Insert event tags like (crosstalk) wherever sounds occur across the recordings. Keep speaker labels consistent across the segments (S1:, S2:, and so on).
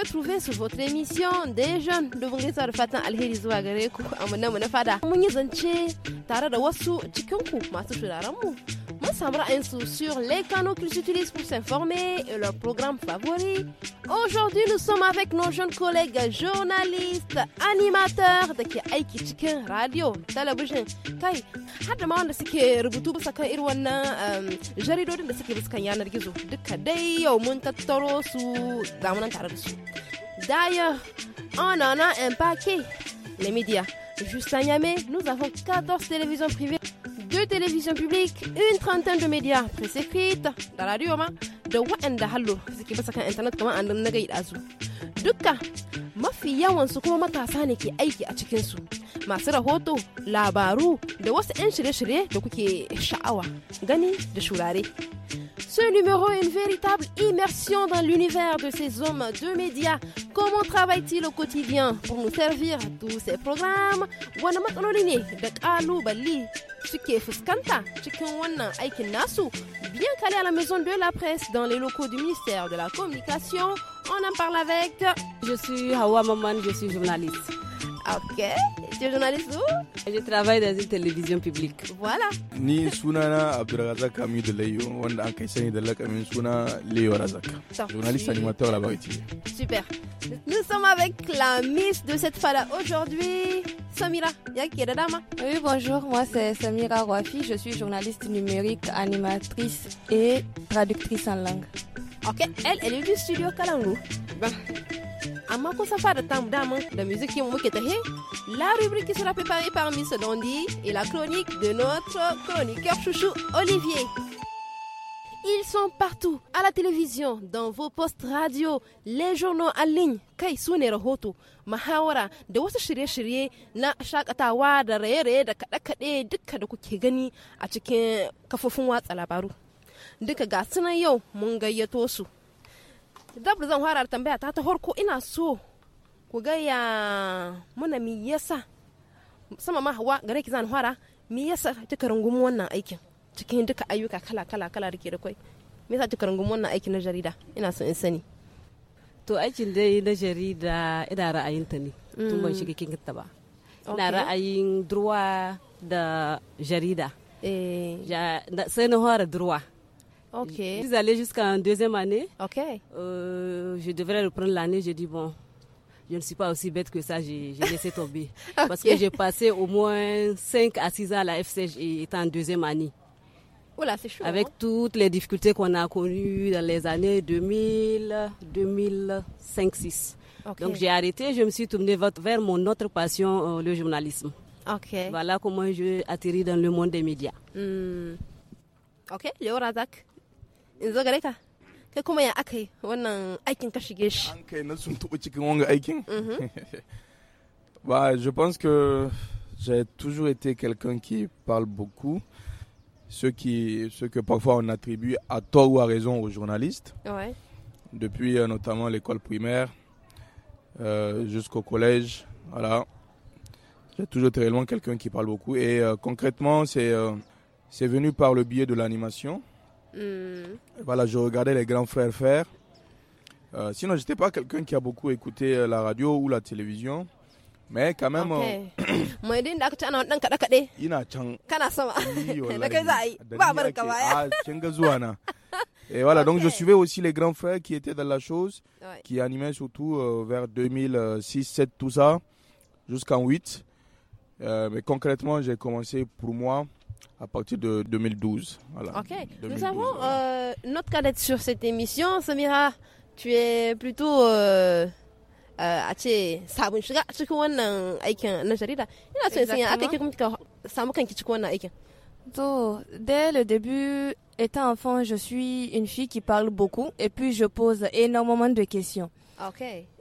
S1: retrouver sur votre émission des jeunes domin gaisa da fatan alheri zuwa gare ku a mu na fada mun yi zance tare da wasu cikin ku masu turaren mu savoir un sou sur les canaux qu'ils utilisent pour s'informer et leurs programmes favoris. Aujourd'hui, nous sommes avec nos jeunes collègues journalistes, animateurs de Aiki Chicken Radio, D'ailleurs, on en a un paquet. Les médias. Juste à Niamey, nous avons 14 télévisions privées deux télévisions publiques, une trentaine de médias, presse écrite, da radio ma, de waɗanda hallo qui passe kan internet kuma an na gai su. Dukka mafi yawan su kuma matasa ne ke aiki a cikin su. Masu rahoto, labaru da wasu 'yan shirye-shirye da kuke sha'awa, gani da shurare. Ce numéro est une véritable immersion dans l'univers de ces hommes de médias. Comment travaillent-ils au quotidien pour nous servir à tous ces programmes Bien calé à la maison de la presse dans les locaux du ministère de la Communication, on en parle avec. Je suis Hawa Maman, je suis journaliste.
S2: Ok, journaliste où Je travaille dans une télévision publique. Voilà.
S3: Ni Sunana Abdurazak Ami de Leyo, on a question de la camion Suna Leo Razak. Journaliste animateur là-bas.
S1: Super. Nous sommes avec la Miss de cette fada aujourd'hui. Samira Yakiradama. Oui, bonjour, moi c'est Samira Wafi, je suis journaliste
S4: numérique, animatrice et traductrice en langue. Ok, elle, elle est du
S1: studio Kalangu. Bah amma kusa fara tamu La da qui muke tahe la rubrique sera préparée par Miss Dondi et la chronique de notre chroniqueur chouchou Olivier. Ils sont partout, à la télévision, dans vos postes radio, les journaux en ligne, kai su ne rahoto, mahawara da wasu shirye-shirye na shakatawa da raye-raye da kaɗe-kaɗe duka da kuke gani a cikin kafofin watsa labaru. Duka ga sunan yau mun gayyato su. dabda zan fara tambaya ta ta farko ina so ku gaya muna mi yasa sama ma hawa gare ki zan fara mi yasa kika rungumi wannan aikin cikin duka ayyuka kala kala kala da ke da kwai me yasa kika rungumi wannan aikin na jarida ina so in sani
S2: to aikin dai na jarida ina ra'ayinta ne tun ban mm. shiga kin ta ba ina ra'ayin durwa da jarida eh. sai na fara durwa
S1: Ok. Je suis
S2: allée jusqu'en deuxième année. Ok. Euh, je devrais reprendre l'année. J'ai dit, bon, je ne suis pas aussi bête que ça. J'ai laissé tomber. (laughs) Parce que j'ai passé au moins 5 à 6 ans à la FCG et étant en deuxième année.
S1: Oula, oh c'est chaud. Avec hein.
S2: toutes les difficultés qu'on a connues dans les années 2000, 2005, 6. Donc j'ai arrêté, je me suis tournée vers mon autre passion, euh, le journalisme. Ok. Voilà comment j'ai atterri dans le monde des médias.
S1: Hmm. Ok, Léo Razak, je
S3: pense que j'ai toujours été quelqu'un qui parle beaucoup ce qui ce que parfois on attribue à tort ou à raison aux journalistes depuis euh, notamment l'école primaire euh, jusqu'au collège voilà j'ai toujours été réellement quelqu'un qui parle beaucoup et euh, concrètement c'est c'est venu par le biais de l'animation Hmm. Voilà, je regardais les grands frères faire. Euh, sinon, je n'étais pas quelqu'un qui a beaucoup écouté euh, la radio ou la télévision. Mais quand même.
S1: Euh,
S3: Et voilà, donc je suivais aussi les grands frères qui étaient dans la chose, qui animaient surtout vers 2006, 2007, tout ça, jusqu'en 8. mais concrètement, j'ai commencé pour moi à partir de 2012. Voilà. Ok. Nous avons
S1: euh, notre cadette sur cette émission. Samira, tu es plutôt. Euh, euh a ce sabon shiga cikin wannan aikin na jarida ina so in sanya aka kai kuma samu kanki cikin wannan aikin So, dès
S4: le début, étant enfant, je suis une fille qui parle beaucoup et puis je pose énormément de questions.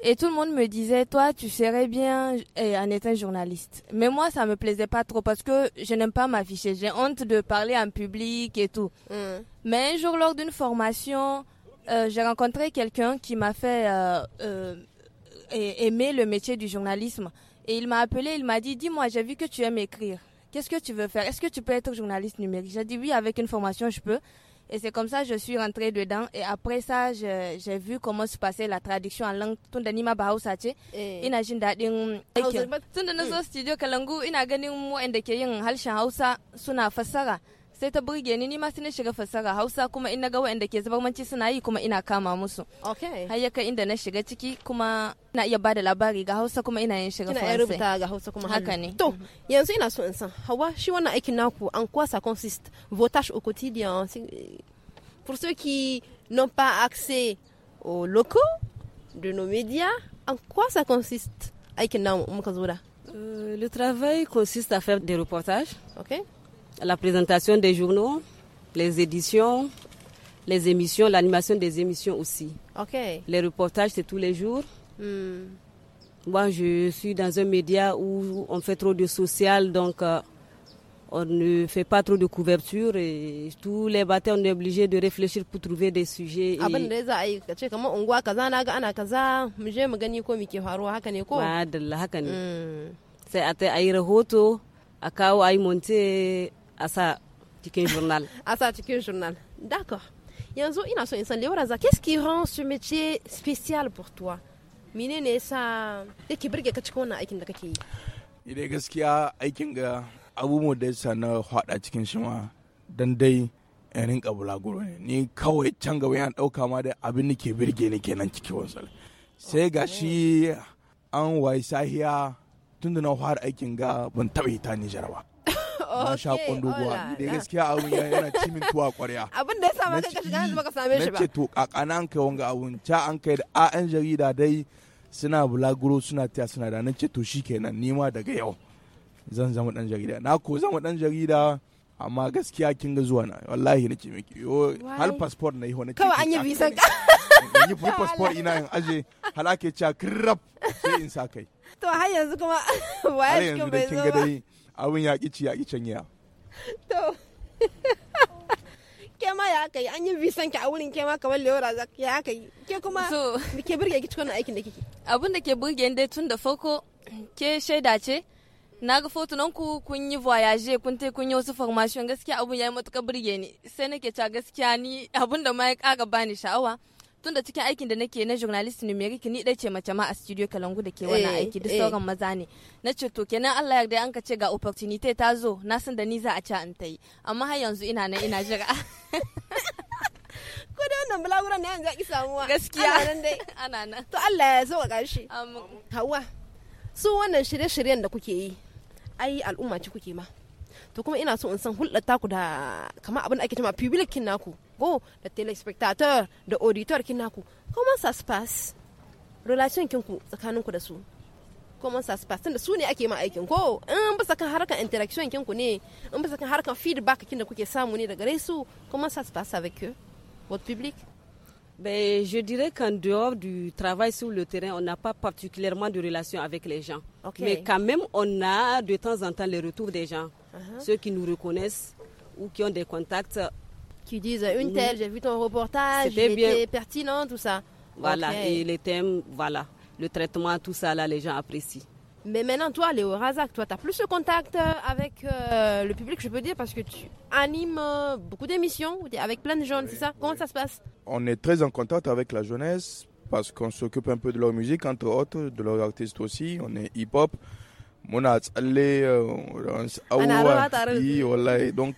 S4: Et tout le monde me disait, toi, tu serais bien eh, en étant journaliste. Mais moi, ça ne me plaisait pas trop parce que je n'aime pas m'afficher. J'ai honte de parler en public et tout. Hmm. Mais un jour, lors d'une formation, euh, j'ai rencontré quelqu'un qui m'a fait euh, euh, aimer le métier du journalisme. Et il m'a appelé, il m'a dit, dis-moi, j'ai vu que tu aimes écrire. Qu'est-ce que tu veux faire Est-ce que tu peux être journaliste numérique J'ai dit oui, avec une formation, je peux. Et c'est comme ça que je suis rentrée dedans. Et après ça, j'ai vu comment se passait la traduction en langue. tout da nima ba Hausa ce, eh. ina jin daɗin aikin. Tun na zo studio Kalangu, ina ganin waɗanda ke yin harshen Hausa suna fassara sai ta burge ni in naga ke
S1: na to so in san hawa quoi ça consiste au quotidien pour ceux qui n'ont pas accès aux locaux de nos médias en quoi ça consiste aikin namu muka
S2: euh, le travail consiste à faire des reportages okay la présentation des journaux, les éditions, les émissions, l'animation des émissions aussi. Ok. Les reportages, c'est tous les jours. Hmm. Moi, je suis dans un média où on fait trop de social, donc euh, on ne fait pas trop de couverture et tous les matins, on est obligé de réfléchir pour trouver des sujets. Et... C'est à à a sa cikin journal
S1: (laughs) a sa cikin journal d'accord yanzu ina so in san Léo Raza qu'est-ce qui rend ce métier spécial pour toi menene yasa yake burge ka cikin wannan aikin da kake yi
S3: idai gaskiya aikin ga abubuwan da yasa na hada cikin shi ma dan dai in rinka bulaguro ne ni kawai can gaba yana dauka ma da abin da ke birge ni kenan cikin wasan sai ga shi an wayi sahiya tun da na fara aikin ga ban taɓa hita Nijar ba
S1: na oh, sha kwandogowa ni da gaskiya
S3: abun yana cimin tuwa kwarya (laughs)
S1: abin da ya sa maka ka shiga baka same shi ba nace
S3: to kakana an kai wanga abun ca an kai da a'an jarida dai suna bulaguro suna tiya suna da nace to shikenan ni ma daga yau zan zama dan jarida na ko zama dan jarida amma gaskiya kin ga zuwa na wallahi nake miki yo hal passport na yi wani kawai an yi bisan ka yi free (laughs) passport ina yin aje hal ake cewa kirrab sai in sa kai
S1: (laughs) to har yanzu kuma waye cikin bai zo ba
S3: abin ya ci ya canya
S1: to (laughs) ke ma ya kai an yi bisan ki a wurin ke ma kamar leora za ya kai ke kuma ke burge ki cikin aikin da kike abin da ke burge dai tun da farko ke shaida ce
S4: na ga fotunan ku kun yi voyage kun tai kun yi wasu formation gaskiya abun ya yi matukar burge ni sai nake ta gaskiya ni abun da ma ya kaga bani sha'awa tun da cikin aikin da nake na journalist mai ni dai ce mace ma a studio kalangu da ke wannan eh, aiki duk eh. sauran maza ne na ce to kenan Allah ya dai an ka ce ga opportunity ta zo na san da ni za a ci an yi. amma har yanzu ina nan
S1: ina jira (laughs) ko da wannan bulaguran na yanzu ki samuwa gaskiya ana nan dai (laughs) ana nan to Allah ya zo karshe hawa su wannan shirye-shiryen da kuke yi ai al'umma ce kuke ma to kuma ina so in san hulɗar taku da kamar abin da ake cewa public naku go oh, téléspectateurs, d'auditeurs comment ça se passe relation avec tsakaninku da comment ça se passe oh, interaction feedback comment ça se passe avec eux votre public ben, je dirais qu'en dehors
S2: du travail sur le terrain, on n'a pas particulièrement de relations avec les gens. Mais quand même, on a de temps en temps les retours des gens. Uh-huh. Ceux qui nous reconnaissent ou qui ont des contacts
S1: qui disent euh, une telle, j'ai vu ton reportage, c'était pertinent, tout ça. Voilà, et les
S2: thèmes, voilà, le traitement, tout ça, là, les gens apprécient.
S1: Mais maintenant, toi, Léo Razak, toi, tu as plus de contact euh, avec euh, le public, je peux dire, parce que tu animes beaucoup d'émissions avec plein de jeunes, c'est ça Comment ça se passe
S3: On est très en contact avec la jeunesse parce qu'on s'occupe un peu de leur musique, entre autres, de leurs artistes aussi. On est hip-hop. Donc,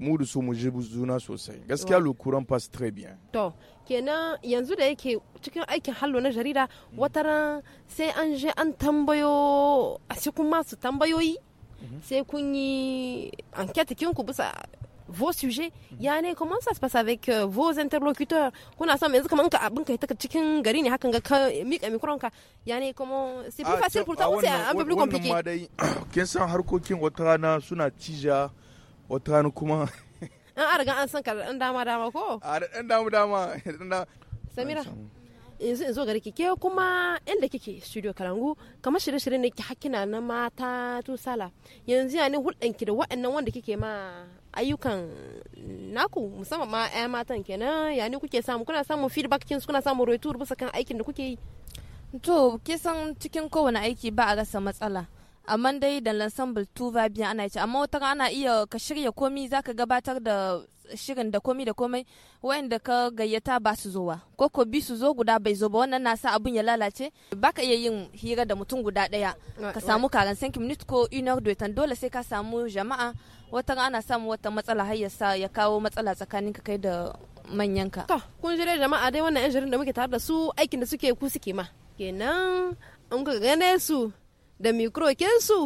S3: mudu su mu jibu juna sosai gaskiya lokuran passe très bien
S1: to kenan yanzu da yake cikin aikin hallo na jarida wataran hmm. sai an je an tambayo a cikin masu tambayoyi sai kun yi enquête kinku bisa vos sujets hmm. yani comment ça se passe avec euh, vos interlocuteurs kuna son yanzu kaman ka abin ka taka cikin gari ne hakan ga ka mika mikron ka ne comment c'est plus ah, facile pour toi ah ou c'est un peu plus compliqué
S3: kin san harkokin wata rana suna tija wata hannu kuma
S1: (laughs) an a riga an san ka dan dama dama ko a dan dama dama samira yanzu in zo gare ki ke kuma inda kike studio kalangu kamar shirye-shirye ne ki hakina na mata sala. yanzu ya ne hulɗanki da waɗannan wanda kike ma ayyukan naku musamman ma 'ya matan kenan ya ne kuke samu kuna samun feedback kinsu kuna samun rotor rubusa kan aikin da kuke yi to kisan cikin kowane aiki ba
S4: a rasa matsala amma dai da lansambul tuva biyan ana ce amma wata ana iya ka shirya komi zaka gabatar da shirin da komi da komai wa'anda ka gayyata ba su zowa ko ko bi su zo guda bai zo ba wannan na sa abun ya lalace baka iya yin hira da mutum guda daya ka samu karan sanki minute ko inar doitan dole sai ka samu jama'a wata ana samu
S1: wata matsala har ya sa ya kawo matsala tsakanin ka kai da manyanka to kun jira jama'a dai wannan yan jirin da muke tare da su aikin da suke ku suke ma kenan an ka gane su da mikrokinsu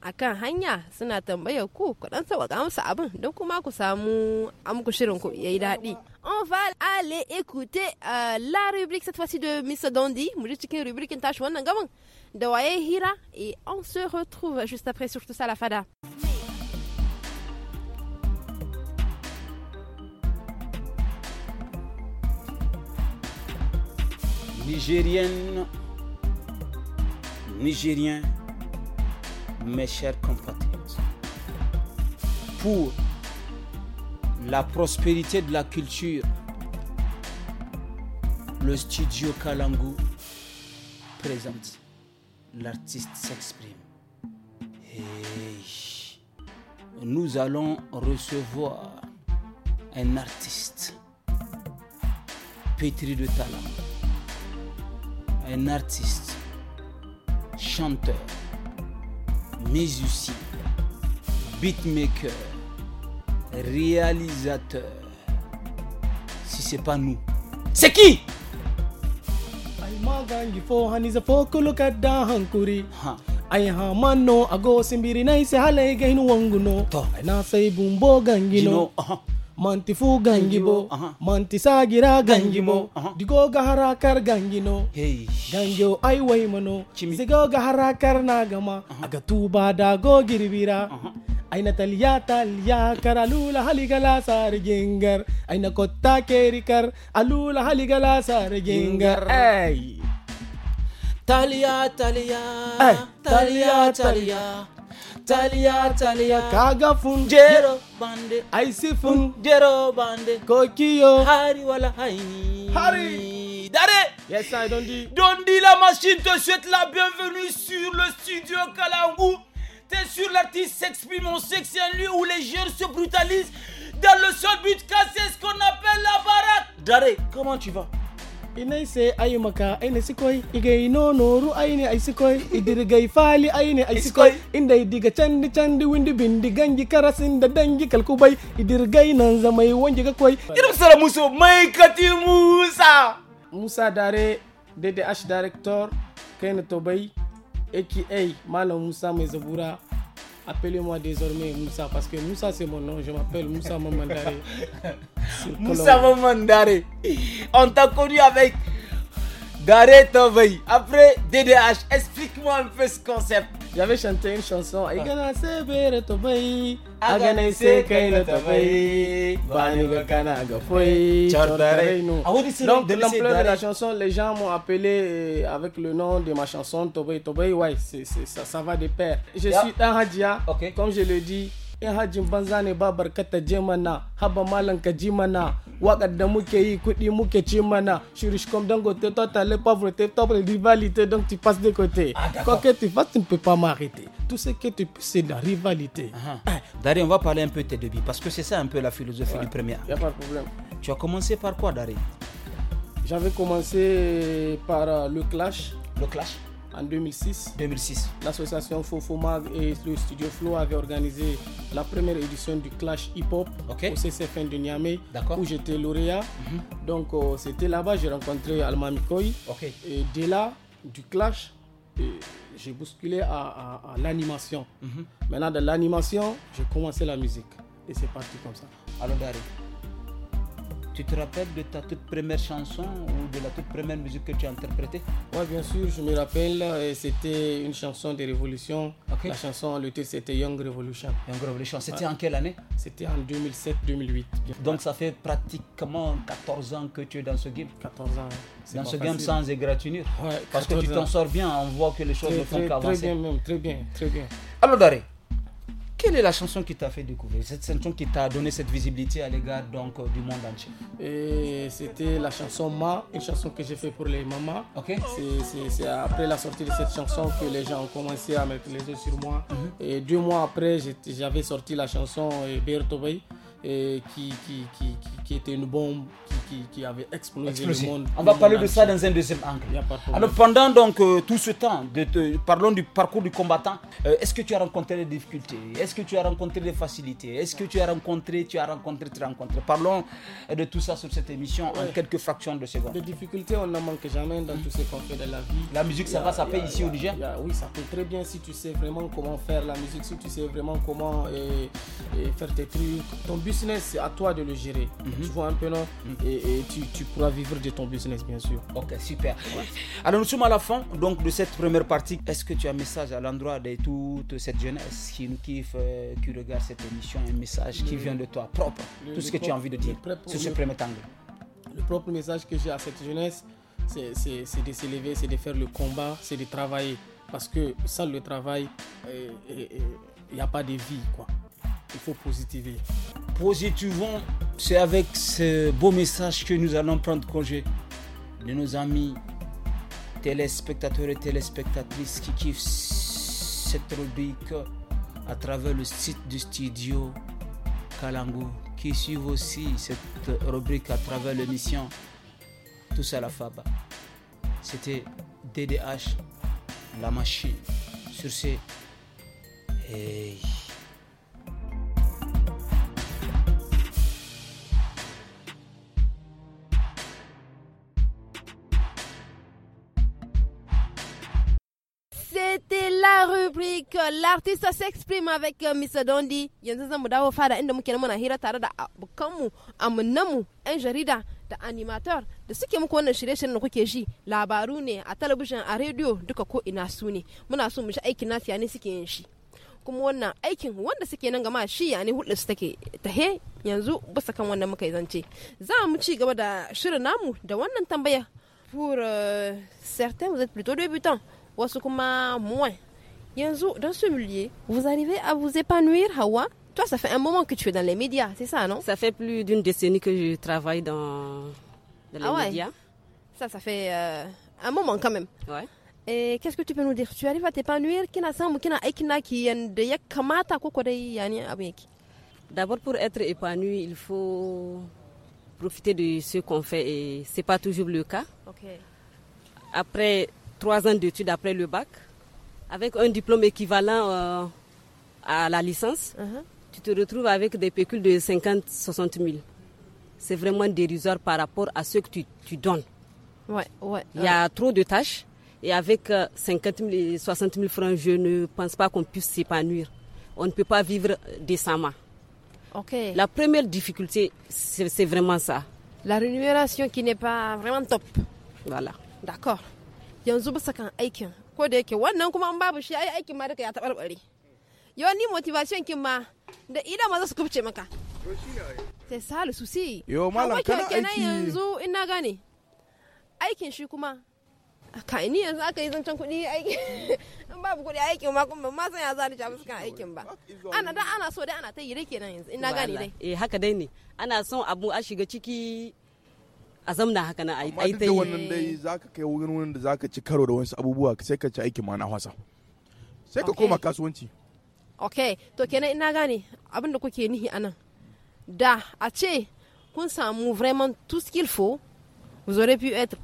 S1: a kan hanya suna tambayar ku kudan sauƙaƙa musu abin don kuma ku samu amku shirin ku yayi daɗi. On va aller écouter euh, la rubrique cette fois-ci de Miss Dondi. mu cikin rubrikin tashi wannan gaban da waye hira et on se retrouve juste après sur ça la fada.
S5: Nigérienne, Nigérien, mes chers compatriotes, pour la prospérité de la culture, le studio Kalangu présente l'artiste s'exprime. et Nous allons recevoir un artiste pétri de talent, un artiste chanteur, musicien, beatmaker, réalisateur. Si c'est pas nous, c'est qui
S6: magangi fo haniza look at da hankuri ai ha mano, ago simbiri nai se hale gainu wanguno ai na sai bumbo gangino manti fu gangibo manti sagira gangimo digo gahara kar gangino gangyo ai zigo gahara nagama aga tuba da go aina talya kar alula haligala sar aina kotta keri alula haligala sar gengar Talia Talya eh, Talya Talya Talia, Talia, kaga funjero
S5: bande
S6: see funjero
S5: bande kokiyo hari wala haini hari
S6: dare yes i Don't
S5: dondi la machine te souhaite la bienvenue sur le studio Kalangu t'es sur l'artiste s'exprime on c'est un lieu où les jeunes se brutalisent dans le seul but de casser ce qu'on appelle la baraque dare comment tu vas
S6: inai se ay maka ay ne sikoy ino no noru ay ne ay sikoy idirgay fali ay ne ay sikoy inday diga candi candi windi bindi ganji karasin da danji kalkubay idirgay nan mai wanji ga koy irum sara muso mai kati musa musa dare ddh director kaina tobay aka malam musa mai zabura appelez-moi désormais Moussa parce que Moussa c'est mon nom je m'appelle Moussa Mamandare (laughs) Moussa savons Daré. On t'a connu avec Daré Tovey. Après DDH, explique-moi un peu ce concept. J'avais chanté une chanson. a se bani Donc, de l'ampleur de la chanson, les gens m'ont appelé euh, avec le nom de ma chanson Tobey Tobey ouais, ça, ça va de pair. Je suis un radia, Comme je le dis in hajin banza ne ba barkata je mana haba malan ka ji mana wakar da muke yi kudi muke ci mana shirish totale pauvreté top rivalité donc tu passes de côté quand ah, que tu fasses tu ne peux pas m'arrêter tout ce que tu peux c'est la rivalité
S5: ah, ah, Dari
S6: on va parler un peu de tes débuts parce
S5: que c'est ça un peu la philosophie du premier y a pas de problème tu as commencé par quoi Dari j'avais
S6: commencé par euh, le clash le clash en 2006. 2006. L'association Fofomag et le studio Flo avaient organisé la première édition du Clash Hip Hop au CCFN de Niamey, où j'étais lauréat. Mhm. Donc euh, c'était là-bas, j'ai rencontré Alma Mikoy. Et dès là, du Clash, euh, j'ai bousculé à, l'animation. Mhm. Maintenant, de l'animation, j'ai commencé la musique. Et c'est parti comme ça. Allons-y. Tu te rappelles de ta toute première chanson ou de la toute première musique que tu as interprétée Oui, bien sûr, je me rappelle. Euh, c'était une chanson de Révolution. La chanson, le titre, c'était Young Revolution. Young Revolution. C'était en quelle année C'était en
S5: 2007-2008. Donc, ça fait pratiquement 14 ans que tu es dans ce game 14 ans. Dans ce game sans égratignure. Ouais, Parce que tu t'en sors bien. On voit que les choses ne font qu'avancer. Très bien, Très bien. Très bien. Alors, Daré, quelle est la chanson qui t'a fait découvrir Cette chanson qui t'a
S6: donné cette visibilité à l'égard donc euh, du monde entier Et euh, c'était la chanson Ma, une chanson que j'ai fait pour les mamans. Ok. C'est après la sortie de cette chanson que les gens ont commencé à mettre les yeux sur moi. Mhm. Et deux mois après, j'avais sorti la chanson euh, Tobay qui, qui, était une bombe qui, avait explosé le monde. On va parler de ça dans un deuxième angle. Alors pendant donc
S5: euh, tout ce temps, de, parlons du parcours du combattant. Euh, est-ce que tu as rencontré des difficultés Est-ce que tu as rencontré des facilités Est-ce que tu as rencontré, tu as rencontré, tu as rencontré Parlons euh, de tout ça sur cette émission en quelques fractions de secondes. Des
S6: difficultés, on n'en manque jamais dans tous ces ce de la vie. La musique, ça va, ça fait ici au Niger Oui, ça fait très bien si tu sais vraiment comment faire la musique, si tu sais vraiment comment faire tes trucs business, c'est à toi de le gérer. Mhm. Tu vois un peu, non mhm. Et, tu, pourras vivre de ton business,
S5: bien sûr. Ok, super. Alors, nous sommes à la fin donc, de cette première partie. Est-ce que tu as un message à l'endroit de toute cette jeunesse qui nous kiffe, euh, qui regarde cette émission, un message qui vient de toi, propre Tout ce que tu as envie de dire sur ce premier angle.
S6: Le propre message que j'ai à cette jeunesse, c'est de s'élever, c'est de faire le combat, c'est de travailler. Parce que sans le travail, euh, euh, il n'y a pas de vie, quoi il faut positiver. Positivons,
S5: c'est avec ce beau message que nous allons prendre congé de nos amis téléspectateurs et téléspectatrices qui kiffent cette rubrique à travers le site du studio Kalangu, qui suivent aussi cette rubrique à travers l'émission Tous à la Fab C'était DDH, la machine. Sur ces hey.
S1: avec euh, l'artiste s'exprime avec euh, Mr. Dondi yanzu zan mu dawo fada inda muke muna hira tare da abokanmu ah, amunanmu yan jarida da animator da suke muku wannan shirye-shiryen da kuke ji labaru ne a talabijin a rediyo duka ko ina su ne muna so mu ji aikin nasu ne suke yin shi kuma wannan aikin wanda suke nan gama shi yani hulɗa su take he yanzu bisa kan wannan muka yi zance za mu ci gaba da shirin namu da wannan tambaya pour euh, certains vous êtes plutôt débutants wasu kuma moins dans ce milieu, vous arrivez à vous épanouir, Hawa Toi, ça fait un moment que tu es dans les médias, c'est
S2: ça, non Ça fait plus d'une décennie que je travaille dans, dans les ah ouais. médias.
S1: Ça, ça fait euh, un moment quand même. Ouais. Et qu'est-ce que tu peux nous dire Tu arrives à t'épanouir D'abord, pour être
S2: épanoui, il faut profiter de ce qu'on fait et ce n'est pas toujours le cas. Après trois ans d'études, après le bac, avec un diplôme équivalent euh, à la licence, uh-huh. tu te retrouves avec des pécules de 50, 60 000. C'est vraiment dérisoire par rapport à ce que tu, donnes. Ouais, ouais, Il y a trop de tâches et avec 50 euh, 000 et 60 000 francs, je ne pense pas qu'on puisse s'épanouir. On ne peut pas vivre décemment. Okay. La
S1: première difficulté, c'est vraiment ça. La rémunération qui n'est pas vraiment top. Voilà. D'accord. Yanzuba, ko da yake wannan kuma an babu shi ai aikin ma duka ya tabarbare yau ni motivation kin ma da ida ma za su kubce maka sai salu su si yo malam kana aiki yanzu in na gane aikin shi kuma ka ni yanzu aka yi zancen kuɗi aiki (laughs) in babu kuɗi aikin ma kuma ma san ya zani ja musu kan aikin ba ana da ana so dai ana ta yi dai kenan yanzu in na gane dai
S2: eh haka dai ne ana son abu a shiga ciki a zamna haka na ai ai tai wannan dai
S3: zaka kai wurin wurin da zaka ci karo da wasu abubuwa sai ka ci aiki ma na hwasa sai ka koma kasuwanci
S1: okay to kenan ina gane abin da kuke nihi anan da a ce kun samu vraiment tout ce qu'il faut vous aurez pu être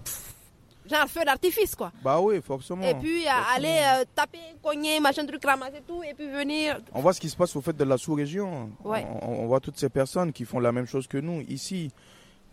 S1: genre feu d'artifice quoi.
S3: Bah oui, forcément. Et puis euh, forcément.
S1: aller euh, taper, cogner, machin truc, ramasser tout et puis venir.
S3: On voit ce qui se passe au fait de la sous-région. Ouais. On, on, voit toutes ces personnes qui font la même chose que nous ici.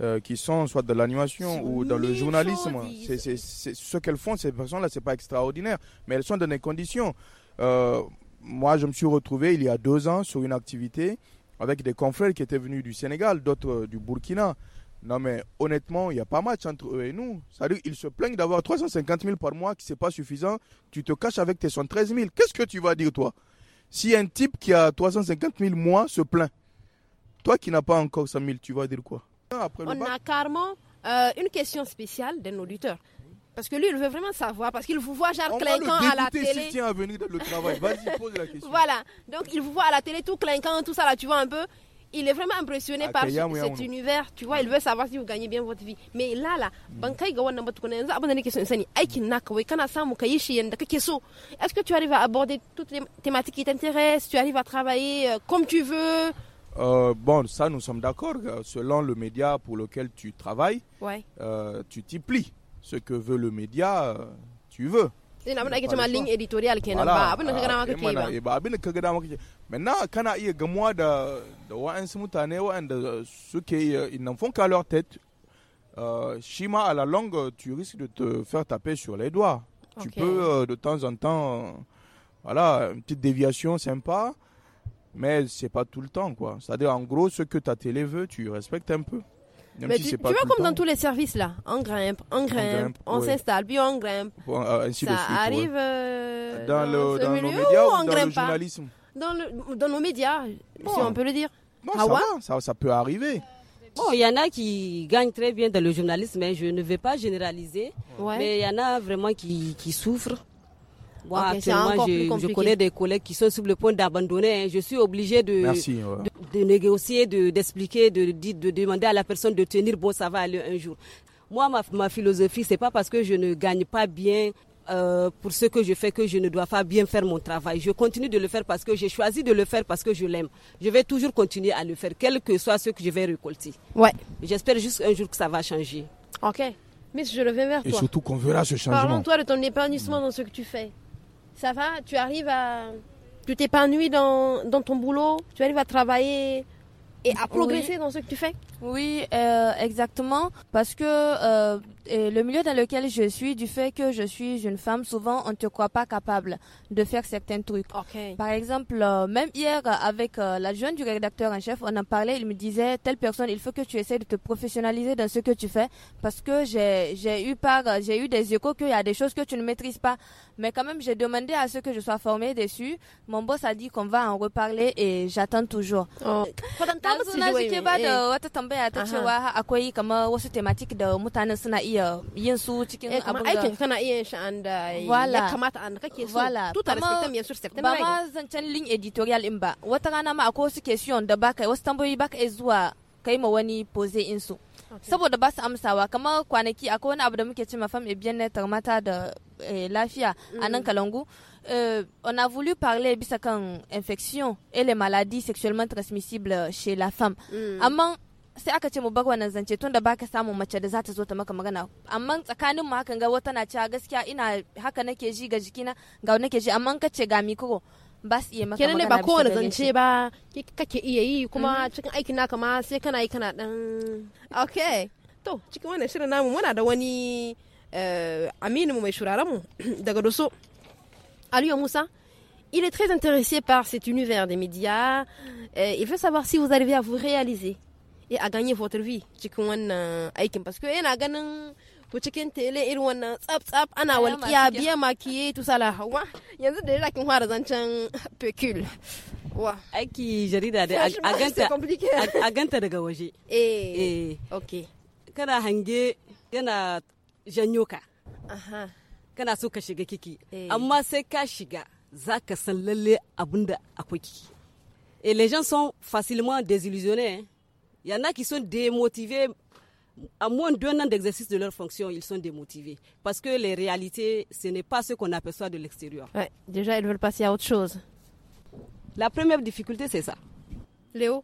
S3: Euh, qui sont soit de l'animation ou dans le journalisme. C'est, ce qu'elles font, ces personnes-là, ce n'est pas extraordinaire, mais elles sont dans des conditions. Euh, moi, je me suis retrouvé il y a deux ans sur une activité avec des confrères qui étaient venus du Sénégal, d'autres euh, du Burkina. Non, mais honnêtement, il n'y a pas match entre eux et nous. Salut, se plaignent d'avoir 350 000 par mois, qui c'est pas suffisant. Tu te caches avec tes 113 000. Qu'est-ce que tu vas dire, toi Si un type qui a 350 000 mois se plaint, toi qui n'as pas encore 100 000, tu vas dire quoi
S1: on a carrément euh, une question spéciale d'un auditeur. Parce que lui, il veut vraiment savoir, parce qu'il vous voit genre clinquant à la télé.
S3: à venir dans le travail. Vas-y, pose la question. (laughs)
S1: Voilà. Donc, il vous voit à la télé tout clinquant, tout ça là, tu vois un peu. Il est vraiment impressionné par cet univers, tu vois, il veut savoir si vous gagnez bien votre vie. Mais là là, mm. Est-ce que tu arrives à aborder toutes les thématiques qui t'intéressent, tu arrives à travailler euh, comme tu veux
S3: euh, bon, ça, nous sommes d'accord. Euh, selon le média pour lequel tu travailles, euh, tu t'y plies. Ce que veut le média, tu veux. Maintenant, quand il y a des de qui n'en font qu'à leur tête. Shima, à la longue, tu risques de te faire taper sur les doigts.
S7: Tu peux
S3: de temps en temps, voilà, une petite déviation sympa mais c'est pas tout le temps, quoi. C'est-à-dire, en gros, ce que ta télé veut, tu respectes un peu. tu, vois comme dans tous
S1: les services là, on grimpe, on grimpe, on s'installe, puis on grimpe.
S3: ça arrive dans, le, dans nos médias ou, dans le journalisme
S1: dans, dans, nos médias, si on peut le dire. ah
S3: ça, ça, peut arriver.
S2: Bon, il y en a qui gagnent très bien dans le journalisme, mais je ne vais pas généraliser, mais il y en a vraiment qui, qui souffrent ah, moi je, connais des collègues qui sont sur le point d'abandonner. Hein. Je suis obligé de, de, négocier, d'expliquer, de, de, de, demander à la personne de tenir bon, ça va aller un jour. Moi, ma, ma philosophie, c'est pas parce que je ne gagne pas bien euh, pour ce que je fais que je ne dois pas bien faire mon travail. Je continue de le faire parce que j'ai choisi de le faire parce que je l'aime. Je vais toujours continuer à le faire, quel que soit ce que je vais récolter. Ouais. J'espère juste un jour que ça va changer.
S1: Ok. Mais je reviens vers toi. Et surtout qu'on verra ce changement. Parlons-toi de ton épanouissement dans ce que tu fais. Ça va Tu arrives à. Tu t'épanouis dans ton boulot Tu arrives à travailler et à progresser dans ce que tu fais Oui, euh, exactement. Parce que euh, le
S4: milieu dans lequel je suis, du fait que je suis une femme, souvent on ne te croit pas capable de faire certains trucs. Par exemple, euh, même hier avec l'adjoint du rédacteur en chef, on en parlait, il me disait, telle personne, il faut que tu essaies de te professionnaliser dans ce que tu fais. Parce que j'ai eu, eu des échos qu'il y a des choses que tu ne maîtrises pas. Mais quand même, j'ai demandé à ce que je sois formée dessus. Mon boss a dit qu'on va en reparler et j'attends toujours. Oh. dazu na ji ba da eh. wata tambaya ta cewa akwai kamar wasu tematik da mutanen suna iya yin su cikin eh, abin da aikin kana
S1: iya yin an da
S4: uh, ya kamata
S1: an kake so tuta respectam yansu respectam ba ma
S4: zancen link editorial in ba wata rana ma akwai wasu question da baka wasu tambayoyi baka iya zuwa kai ma wani pose in su saboda ba su amsawa kamar kwanaki akwai wani abu da muke cewa fam ebiyan na mata da eh, lafiya a nan mm. kalangu Euh, on a voulu parler bisa kan infection et les maladies sexuellement transmissibles chez la femme.
S7: Mm.
S4: sai aka ce mu bar wannan zance tunda ka samu mace da za ta zo ta maka magana amma tsakanin mu hakan ga wata na cewa gaskiya ina haka nake ji ga jikina ga nake ji amma ka ce ga mikro ba su iya maka magana ba kowane zance
S1: ba kake iya yi kuma mm-hmm. cikin aikin naka ma sai kana yi kana dan okay to cikin wannan shirin namu muna da wani eh, aminu mai shuraren mu (clears throat) daga doso Aliou Moussa, il est très intéressé par cet univers des médias. Et euh, il veut savoir si vous arrivez à vous réaliser et à gagner votre vie. Euh, parce que ku cikin tele irin wannan tsaf tsaf ana walƙiya biya makiye tusa la hawa yanzu da kin fara zancen pecul wa
S2: aiki jarida da a ganta daga waje eh, eh okay kana hange yana janyo ka aha et eh. eh, les gens sont facilement désillusionnés hein. il y en a qui sont démotivés à moins d'un an d'exercice de leur fonction, ils sont démotivés. Parce que les réalités, ce n'est pas ce qu'on aperçoit de l'extérieur.
S1: déjà, ils veulent passer à autre chose. La première difficulté, c'est ça. Léo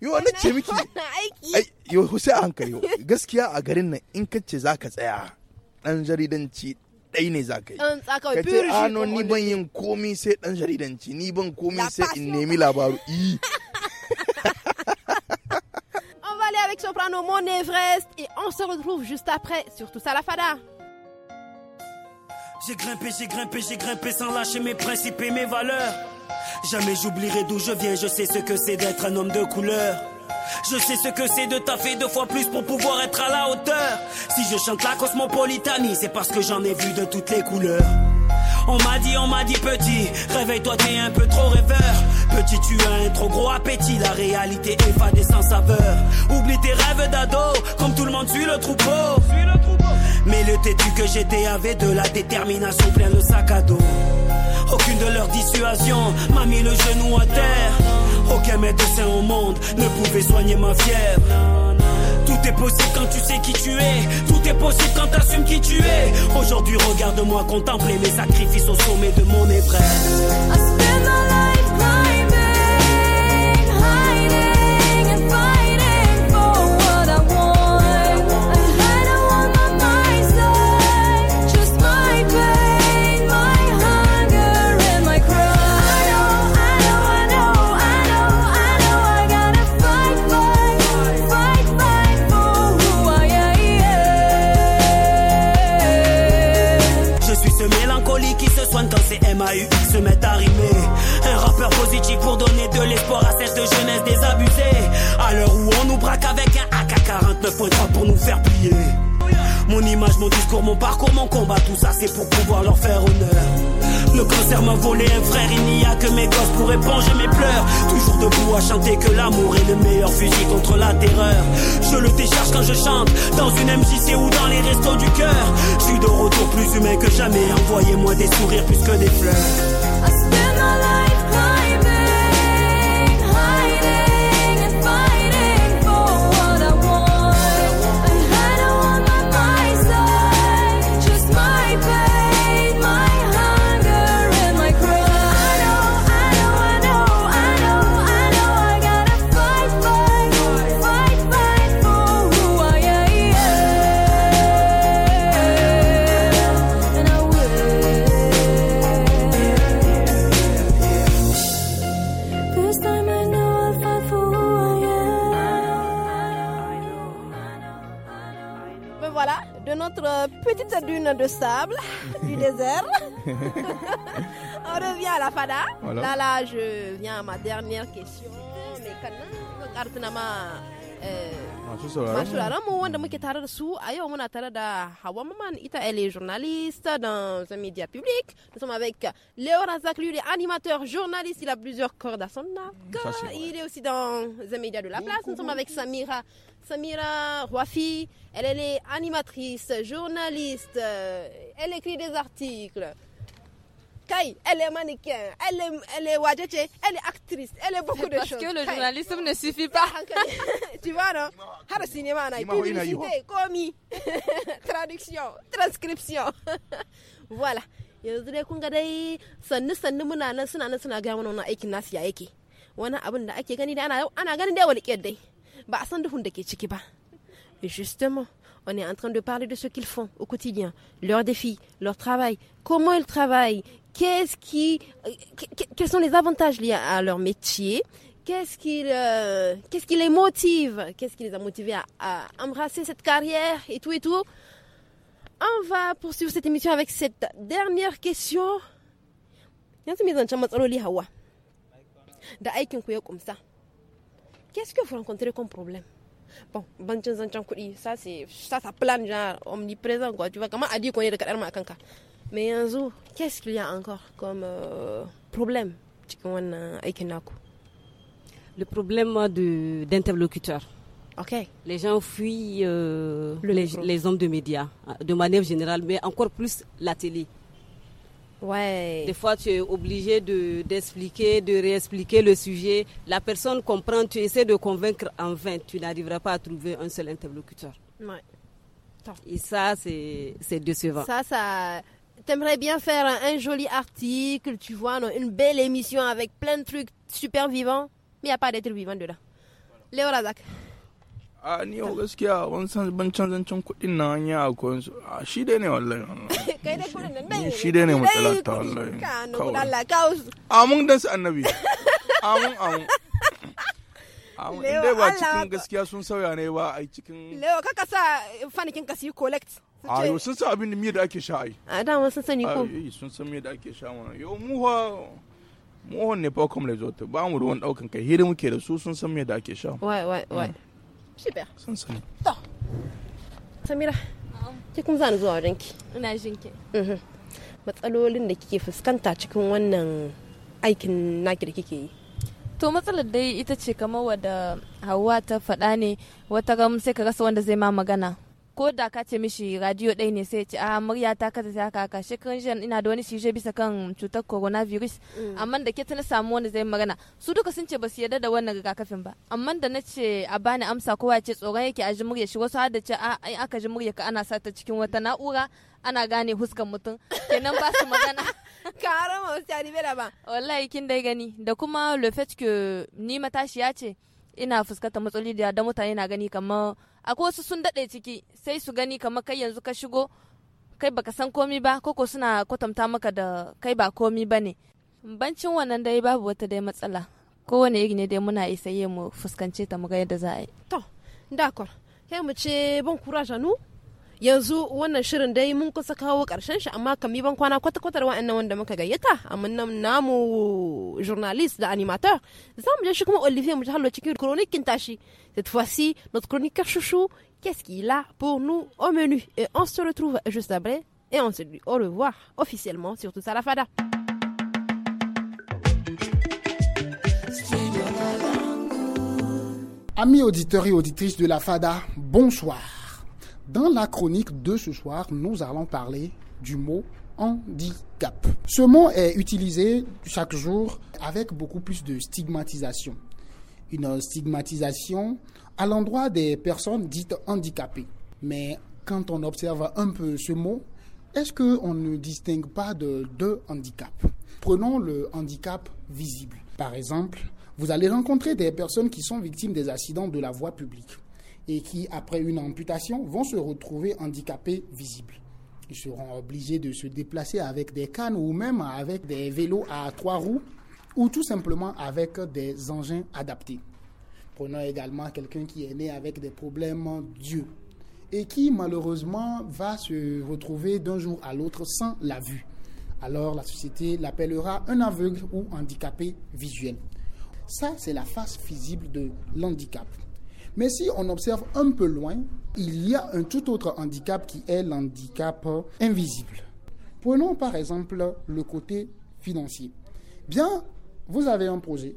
S3: yo na ce miki (laughs) yo sai a hankali gaskiya a garin nan in kace zaka tsaya dan jaridanci ɗai ne za ka yi. Ka ce ano ah, ni ban yin komi sai dan jaridanci ni ban komi sai in nemi labaru. (laughs)
S1: (laughs) On va aller avec Soprano Mon Everest et on se retrouve juste après sur Tout ça la Fada.
S7: J'ai grimpé, j'ai grimpé, j'ai grimpé sans lâcher mes principes et mes valeurs. Jamais j'oublierai d'où je viens, je sais ce que c'est d'être un homme de couleur. Je sais ce que c'est de taffer deux fois plus pour pouvoir être à la hauteur. Si je chante la cosmopolitanie, c'est parce que j'en ai vu de toutes les couleurs. On m'a dit, on m'a dit petit, réveille-toi, t'es un peu trop rêveur. Petit, tu as un trop gros appétit, la réalité est sans saveur. Oublie tes rêves d'ado, comme tout le monde suit le troupeau. Mais le têtu que j'étais avait de la détermination plein de sac à dos. Aucune de leurs dissuasions m'a mis le genou à terre. Aucun médecin au monde ne pouvait soigner ma fièvre. Tout est possible quand tu sais qui tu es. Tout est possible quand t'assumes qui tu es. Aujourd'hui, regarde-moi contempler mes sacrifices au sommet de mon épreuve. Ces MAUX se mettent à rimer. Un rappeur positif pour donner de l'espoir à cette jeunesse désabusée. À l'heure où on nous braque avec un AK-49.3 pour nous faire plier. Mon image, mon discours, mon parcours, mon combat, tout ça c'est pour pouvoir leur faire honneur. Le cancer m'a volé un frère, il n'y a que mes gosses pour éponger mes pleurs. Toujours debout à chanter que l'amour est le meilleur fusil contre la terreur. Je le décharge quand je chante, dans une MJC ou dans les restos du cœur. Je suis de retour plus humain que jamais, envoyez-moi des sourires plus que des fleurs.
S1: petite dune de sable (laughs) du désert. (laughs) On revient à la fada. Là, là, je viens à ma dernière question. Mais quand même, elle est journaliste dans un média public nous sommes avec Léo Razak lui est animateur journaliste il a plusieurs cordes à son mm, il est aussi dans un médias de la place nous sommes avec Samira Samira Rouafi elle, elle est animatrice journaliste euh, elle écrit des articles Kai, elle est mannequin, elle est, elle est wajache, elle est actrice, elle est beaucoup de parce choses. Parce que le journalisme Kai. ne suffit pas. (laughs) tu vois, non Har cinéma, na a publicité, commis, (laughs) traduction, transcription. (laughs) voilà. yanzu dai kun ga dai sannu sannu muna nan suna nan suna gaya aikin nasu ya yake wani abin da ake gani da ana ganin dai dai ba a san duhun da ke ciki ba justement on est en train de parler de ce qu'ils font au quotidien, leurs défis, leur travail, comment ils travaillent, qu'est-ce qui, euh, quels sont les avantages liés à leur métier, euh, qu'est-ce qui, les motive, qu'est-ce qui les a motivés à, à, embrasser cette carrière et tout et tout. On va poursuivre cette émission avec cette dernière question. Qu'est-ce que vous rencontrez comme problème bon ça c'est ça ça plane genre omniprésent quoi tu vois comment a dit qu'on est de kadar ma mais Yanzo qu'est-ce qu'il y a encore comme euh, problème Tu wannan aikin
S2: le problème de d'interlocuteur Okay. Les gens fuient euh, les, les, hommes de médias, de manière générale, mais encore plus la télé. Ouais. Des fois, tu es obligé de, d'expliquer, de réexpliquer le sujet. La personne comprend, tu essaies de convaincre en vain. Tu n'arriveras pas à trouver un seul interlocuteur.
S1: Ouais. Et
S2: ça, c'est, c'est décevant. Ça,
S1: ça. T'aimerais bien faire un, joli article, tu vois, une belle émission avec plein de trucs super vivants, mais il n'y a pas d'être vivant dedans. Léo
S3: a ni yau gaskiya wani san ban canzancin kuɗin na hanya a koyon su a shi dai ne wallahi
S1: (laughs) kai
S3: shi dai ne matsala ta wallahi kawai Allah su amun dan su annabi amun amun (laughs) amun in dai ba cikin gaskiya sun sauya ne ba a cikin
S1: lewa kaka sa fanikin ka su yi collect
S3: a yau sun san abin da miya da ake sha ai
S1: a dama sun sani ko
S3: sun san miya da ake sha mana yau mu mu ne fa kuma ta ba mu ruwan daukan kai hira muke da su sun san miya da ake sha wai wai wai
S1: Super. Samira. kun zuwa Ina mhm. Matsalolin da kike fuskanta cikin wannan aikin naki da kike yi.
S4: to matsalar dai ita ce kamar wadda hawa ta faɗa ne wata gam sai ka rasa wanda zai ma magana ko da ka ce mishi radio ɗaya ne sai ce a ah, murya ta kasa ta kaka shekarun jan ina da wani shirye bisa kan cutar coronavirus mm. amma da ke na samu wani zai magana su duka sun ce ba su yarda da wannan rigakafin ba amma da na ce a bani amsa kowa ce tsoron yake a ji murya shi wasu har da ce a ah, ai aka ji murya ka ana sata cikin wata na'ura ana gane huskan mutum
S1: kenan ba su magana (laughs) karama wasu ya ni bela ba
S4: wallahi kin dai gani da kuma lofetke ni matashi ni matashiya ce ina fuskantar matsaloli da da mutane na gani kamar akwai wasu sun daɗe ciki sai su gani kamar kai yanzu ka shigo kai baka san komi ba koko suna kwatanta maka da kai ba komi ba ne bancin wannan dai babu wata dai matsala kowane iri ne dai muna isaye mu fuskance ta mu ga yadda za a
S1: yi to d'accord sai mu ce ban kura janu yanzu wannan shirin dai mun kusa kawo karshen shi amma kan ban kwana kwata-kwata da wa'annan wanda muka gayyata amma namu journaliste da animateur za mu je shi kuma Olivier mu ji cikin chronique tashi cette fois-ci notre chroniqueur chouchou qu'est-ce qu'il a pour nous au menu et on se retrouve juste après et on se dit au revoir officiellement sur tout ça la fada.
S8: Amis auditeurs et auditrices de la FADA, bonsoir. Dans la chronique de ce soir, nous allons parler du mot handicap. Ce mot est utilisé chaque jour avec beaucoup plus de stigmatisation. Une stigmatisation à l'endroit des personnes dites handicapées. Mais quand on observe un peu ce mot, est-ce qu'on ne distingue pas de deux handicaps Prenons le handicap visible. Par exemple, vous allez rencontrer des personnes qui sont victimes des accidents de la voie publique et qui, après une amputation, vont se retrouver handicapés visibles. Ils seront obligés de se déplacer avec des cannes ou même avec des vélos à trois roues ou tout simplement avec des engins adaptés. Prenons également quelqu'un qui est né avec des problèmes d'yeux et qui malheureusement va se retrouver d'un jour à l'autre sans la vue. Alors la société l'appellera un aveugle ou handicapé visuel. Ça, c'est la face visible de l'handicap. Mais si on observe un peu loin, il y a un tout autre handicap qui est l'handicap invisible. Prenons par exemple le côté financier. Bien, vous avez un projet,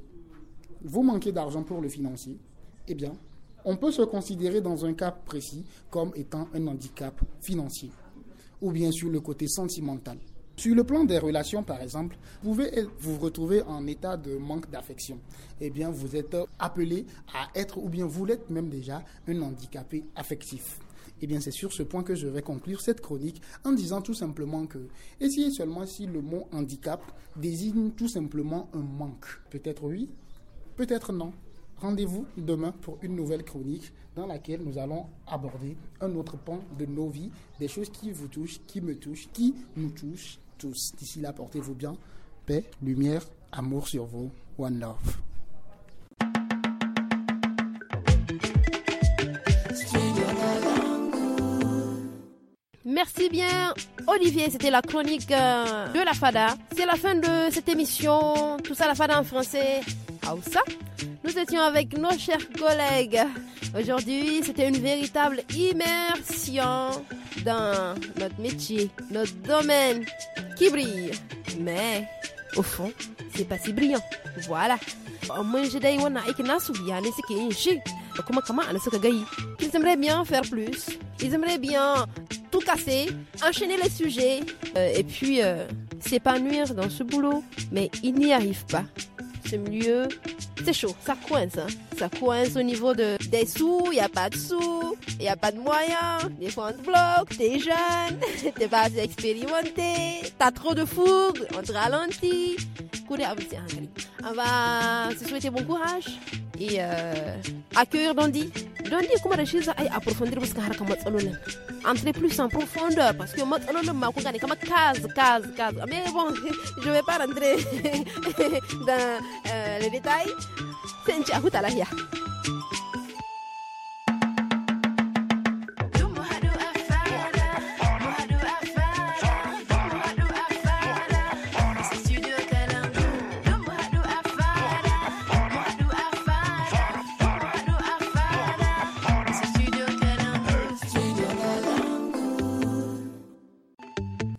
S8: vous manquez d'argent pour le financer, eh bien, on peut se considérer dans un cas précis comme étant un handicap financier, ou bien sur le côté sentimental. Sur le plan des relations, par exemple, vous pouvez vous retrouver en état de manque d'affection. Eh bien, vous êtes appelé à être, ou bien vous l'êtes même déjà, un handicapé affectif. Eh bien, c'est sur ce point que je vais conclure cette chronique en disant tout simplement que essayez seulement si le mot handicap désigne tout simplement un manque. Peut-être oui, peut-être non. Rendez-vous demain pour une nouvelle chronique dans laquelle nous allons aborder un autre pan de nos vies, des choses qui vous touchent, qui me touchent, qui nous touchent tous. D'ici là, portez-vous bien. Paix, lumière, amour sur vous. One love.
S1: Merci bien, Olivier. C'était la chronique euh, de la FADA. C'est la fin de cette émission. Tout ça, la FADA en français. ça Nous étions avec nos chers collègues. Aujourd'hui, c'était une véritable immersion dans notre métier, notre domaine qui brille. Mais au fond, c'est pas si brillant. Voilà. Au Ils aimeraient bien faire plus. Ils aimeraient bien tout casser, enchaîner les sujets euh, et puis euh, s'épanouir dans ce boulot. Mais ils n'y arrivent pas. C'est mieux c'est chaud, ça coince. Hein. Ça coince au niveau de, des sous, il n'y a pas de sous, il n'y a pas de moyens. Des fois on te bloque, t'es jeune, (laughs) t'es pas expérimenté, t'as trop de fougue, on te ralentit. Hein, on va se souhaiter bon courage et accueillir euh, Dondi. Dondi, comment les choses aillent approfondir parce que haraka Entrer plus en profondeur parce que ne ma pas comme comme case, case, case. Ah, mais bon, (laughs) je ne vais pas rentrer (laughs) dans euh, les détails. 先招呼他啦，呀。